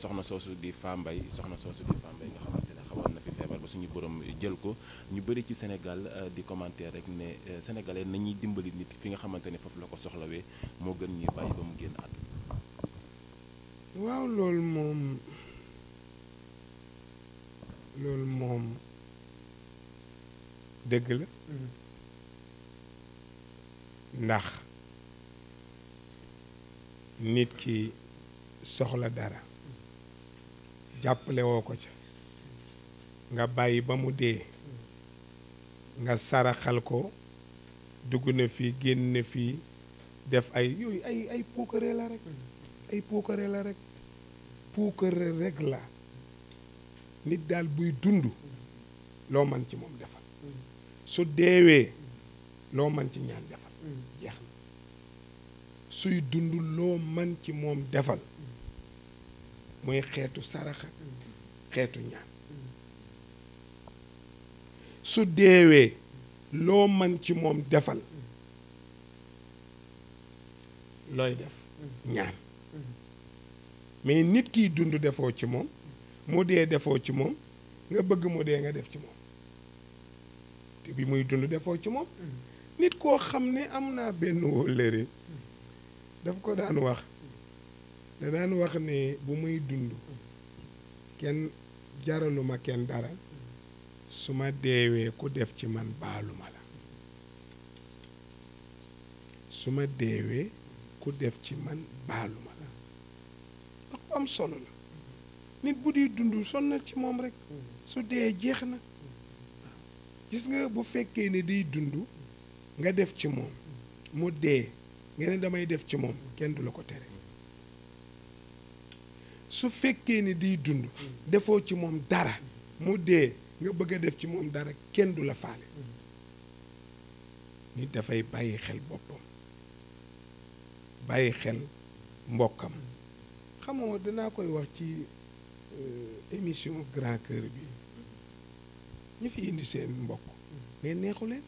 soxna soosu di Fambaye soxna soosu di Fambaye nga xamante ne na fi feebar ba suñu borom jël ko ñu bëri ci senegal euh, di commentaire rek ne euh, sénégalais nañuy dimbali nit fi nga xamante ne foofu la ko soxlawee moo gën ñuy bàyyi ba mu génn àdduna. waaw loolu moom loolu moom dëgg la mm-hmm. ndax nit ki soxla dara. jàppalewoo ko ca nga bàyyi ba mu dee nga saraxal ko dugg na fii génn na fii def ay yooyu ay ay puukare la rekk ay puukare la rek puukare rek la nit daal buy dund loo man ci moom defal su deewee loo man ci ñaan defal suy dund loo man ci moom defal muy xeetu saraxa xeetu ñaan su deewee loo man ci moom defal looy def ñaan mais nit kiy dund defoo ci moom mu dee defoo ci moom nga bëgg mu dee nga def ci moom te bi muy dund defoo ci moom nit koo xam ne am naa benn wóllëre daf ko daan wax da wax ne bu muy dund kenn jaraluma kenn dara su ma deewee ku def ci man baaluma la su ma deewee ku def ci man baaluma ndax am solo la nit bu di dund sonnal ci moom rek su dee jeex na gis nga bu fekkee ni day dund nga def ci moom mu dee nga damay def ci moom kenn du la ko tere su fekkee ni di dund defoo ci moom dara mu dee nga bëgg a def ci moom dara kenn du la faale nit dafay bàyyi xel boppam bàyyi xel mbokkam xamoo danaa koy wax ci euh, émission grand cœur bi ñu fi indi seen mbokk mais neexu leen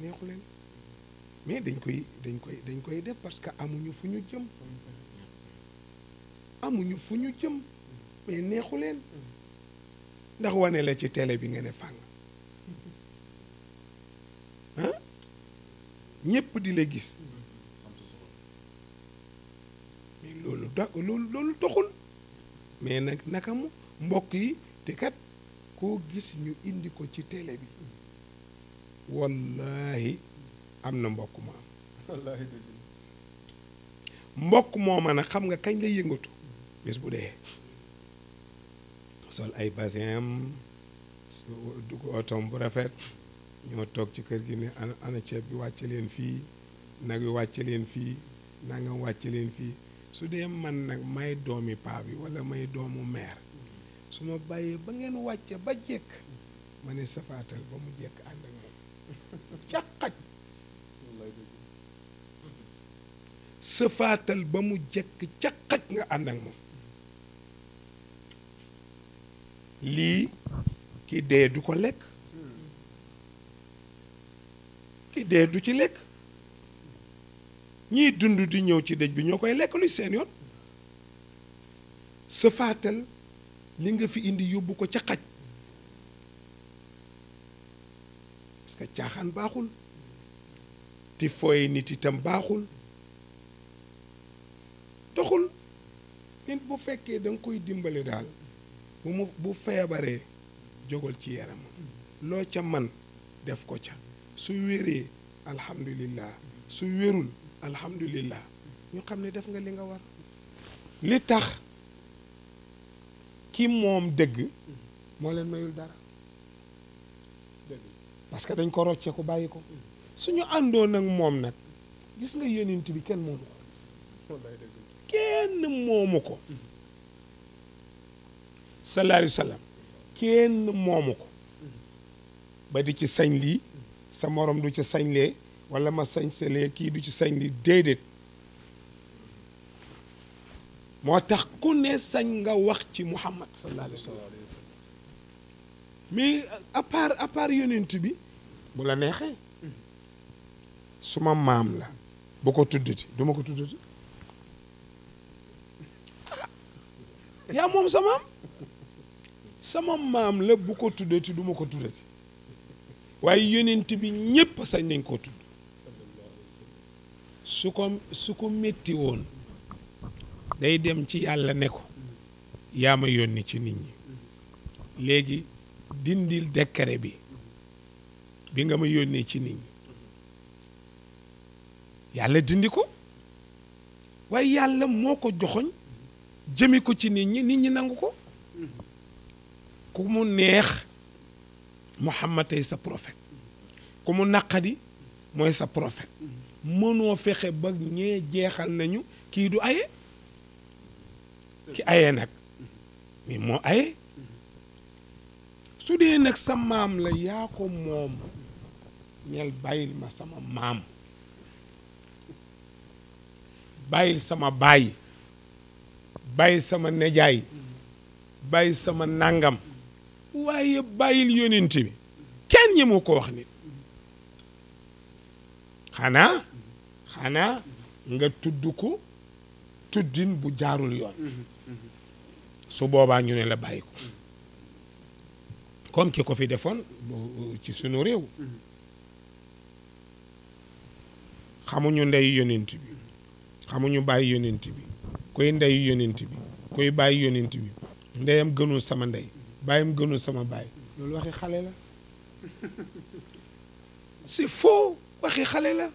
neexu leen mais dañ koy dañ koy dañ koy def parce que amuñu fu ñu jëm amuñu fu ñu jëm mais neexu leen ndax wane la ci télé bi nga ne fàng ah ñépp di la gis mais loolu da loolu doxul mais nag naka mu mbokk yi te kat koo gis ñu indi ko ci télé bi wallaahi am na mbokk ma am mbokk moo ma nag xam nga kañ lay yëngatu bis bu dee sol ay basin am su dugg otom bu rafet ñoo toog ci kër gi ne ana ceeb bi wàcce leen fii nag yu wàcce leen fii nangam wàcce leen fii su dee man nag may doomi paa bi wala may doomu meer su ma bàyyee ba ngeen wàcce ba jekk ma ne safaatal ba mu jekk ànd ak moom caqaj safaatal ba mu jekk caqaj nga ànd ak moom lii ki dee du ko lekk ki dee du ci lekk ñiy dund di ñëw ci dëj bi ñoo koy lekk luy seen yoon sa faatal li nga fi indi yóbbu ko ca xaj parce caaxaan baaxul ti fooy nit itam baaxul doxul nit bu fekkee danga koy dimbale daal bu mu bu feebaree jógal ci yaram loo ca man def ko ca su wéree alhamdulillah su wérul alhamdulillah ñu xam ne def nga li nga war li tax ki moom dëgg moo leen mayul dara parce que dañ ko roccee ko bàyyi ko suñu àndoon ak moom nag gis nga yonent bi kenn kenn moomu ko mm-hmm. sallallahu alayhi wa kenn moomu ko ba di ci sañ lii sa moroom du ci sañ lee wala ma sañ salee kii du ci sañ li déedéet moo tax ku ne sañ nga wax ci Muhammad sallallahu alayhi wa mais à part à bi bu la neexee suma maam la bu ko tudd tuddati du ma ko tuddati ah, yaa moom sa maam sama maam la bu ko tuddati duma ko tuddati waaye yonent bi ñépp sañ nañ koo tudd su ko su ko métti woon day dem ci yàlla ne ko yaa ma yónni ci nit ñi léegi dindil décret bi bi nga ma yónnee ci nit ñi yàlla dindi ko waaye yàlla moo ko joxoñ jëme ko ci nit ñi nit ñi nangu ko ku mu neex Muhammad tey sa profet ku mu naqadi mooy sa profet mënoo fexe ba ñee jeexal nañu kii du aye ki aye nag mais moo aye su dee nag sa maam la yaa ko moom ñel bàyyil ma sama maam bàyyil sama baay bàyyil sama nejaay bàyyil sama nangam waaye bàyyil yonent bi kenn ñemu ko wax nit xanaa xanaa nga tudd ko tuddin bu jaarul yoon su boobaa ñu ne la bàyyi ko comme ki ko fi defoon ci sunu réew xamuñu ndey yonent bi xamuñu bàyyi yonent bi kuy ndey yonent bi kuy bàyyi yonent bi ndeyam gënul sama ndey bàyyam gënul sama baay loolu waxi xale la c'est faux waxi xale la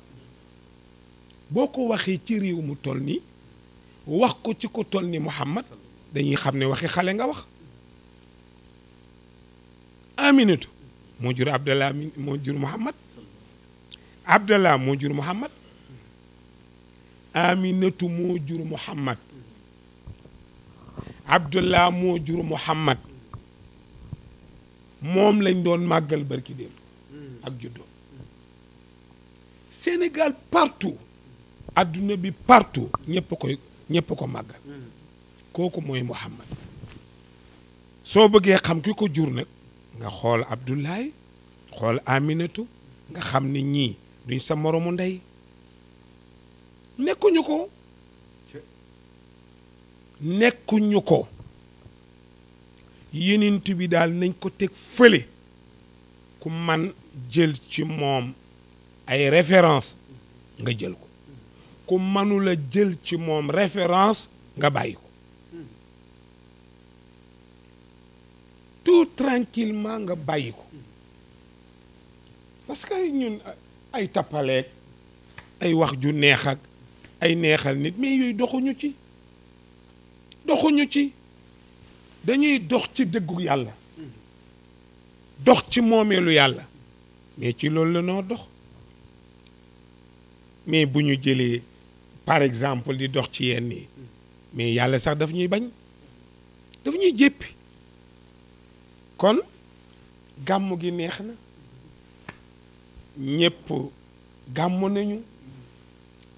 boo ko waxee ci réew mu toll nii wax ko ci ko toll ni Muhammad dañuy xam ne waxi xale nga wax Aminatu moo jur Abdallah moo jur Muhammad moo jur Muhammad Aminatu moo jur Muhammad Abdallah moo jur Muhammad moom lañ doon màggal barki démb ak juddoo Sénégal partout adduna bi partout ñëpp ko ñëpp ko màggal kooku mooy Muhammad soo bëggee xam ki ko jur nag nga xool Abdoulaye xool Aminatu nga xam ne ñii duñ sa moromu ndey nekkuñu ko nekkuñu ko yenent bi daal nañ ko teg fële ku man jël ci moom ay référence nga jël ko ku manula jël ci moom référence nga bàyyi ko tout tranquillement nga bàyyi ko parce que ay tappaleeg ay wax ju neex ak ay neexal nit mais yooyu doxuñu ci doxuñu ci dañuy dox ci dëggu yàlla dox ci moomeelu yàlla mais ci loolu la noo dox mais bu ñu jëlee par exemple di dox ci yenn yi mais yàlla sax daf ñuy bañ daf ñuy jéppi kon gàmm gi neex na ñëpp gàmm nañu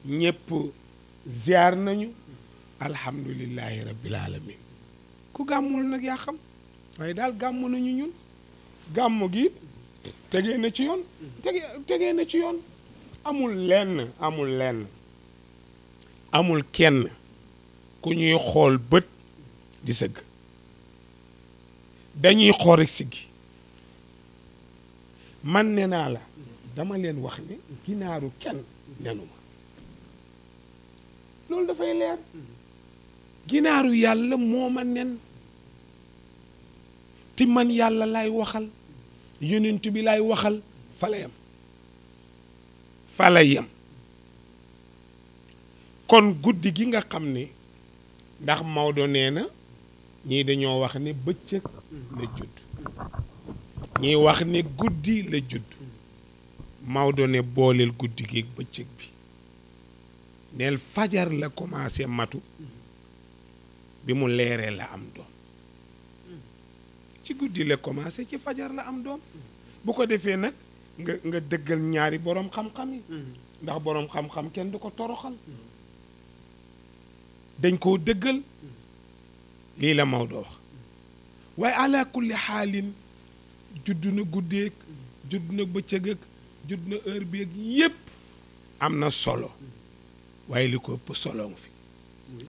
ñëpp ziar nañu alhamdulillahi rabbil alamin ku gàmmul nag yaa xam waaye daal gàmm nañu ñun gàmm gi tegee na ci yoon tege tegee na ci yoon amul lenn amul lenn amul kenn ku ñuy xool bët di sëgg dañuy xool rek siggi man ne naa la dama leen wax ne ginaaru kenn nenu ma loolu dafay leer ginaaru yàlla moo ma nen ti man yàlla lay waxal yonent bi laay waxal fale yam fala yam kon guddi gi nga xam ne ndax Maodo nee na ñii dañoo wax ne bëccëg la judd ñii wax ne guddi la judd Maodo ne booleel guddi gi ak bëccëg bi neel fajar la commencé matu bi mu leeree la am doom ci guddi la commencé ci fajar la am doom bu ko defee nag nga nga dëggal ñaari boroom xam-xam yi mm-hmm. ndax boroom xam-xam kenn du ko toroxal dañ koo dëggal mm-hmm. lii la Maodo wax mm-hmm. waaye ala kulli xaalin judd na guddeeg judd na bëccëg ak judd na heure yépp am na solo waaye li ko ëpp solo fi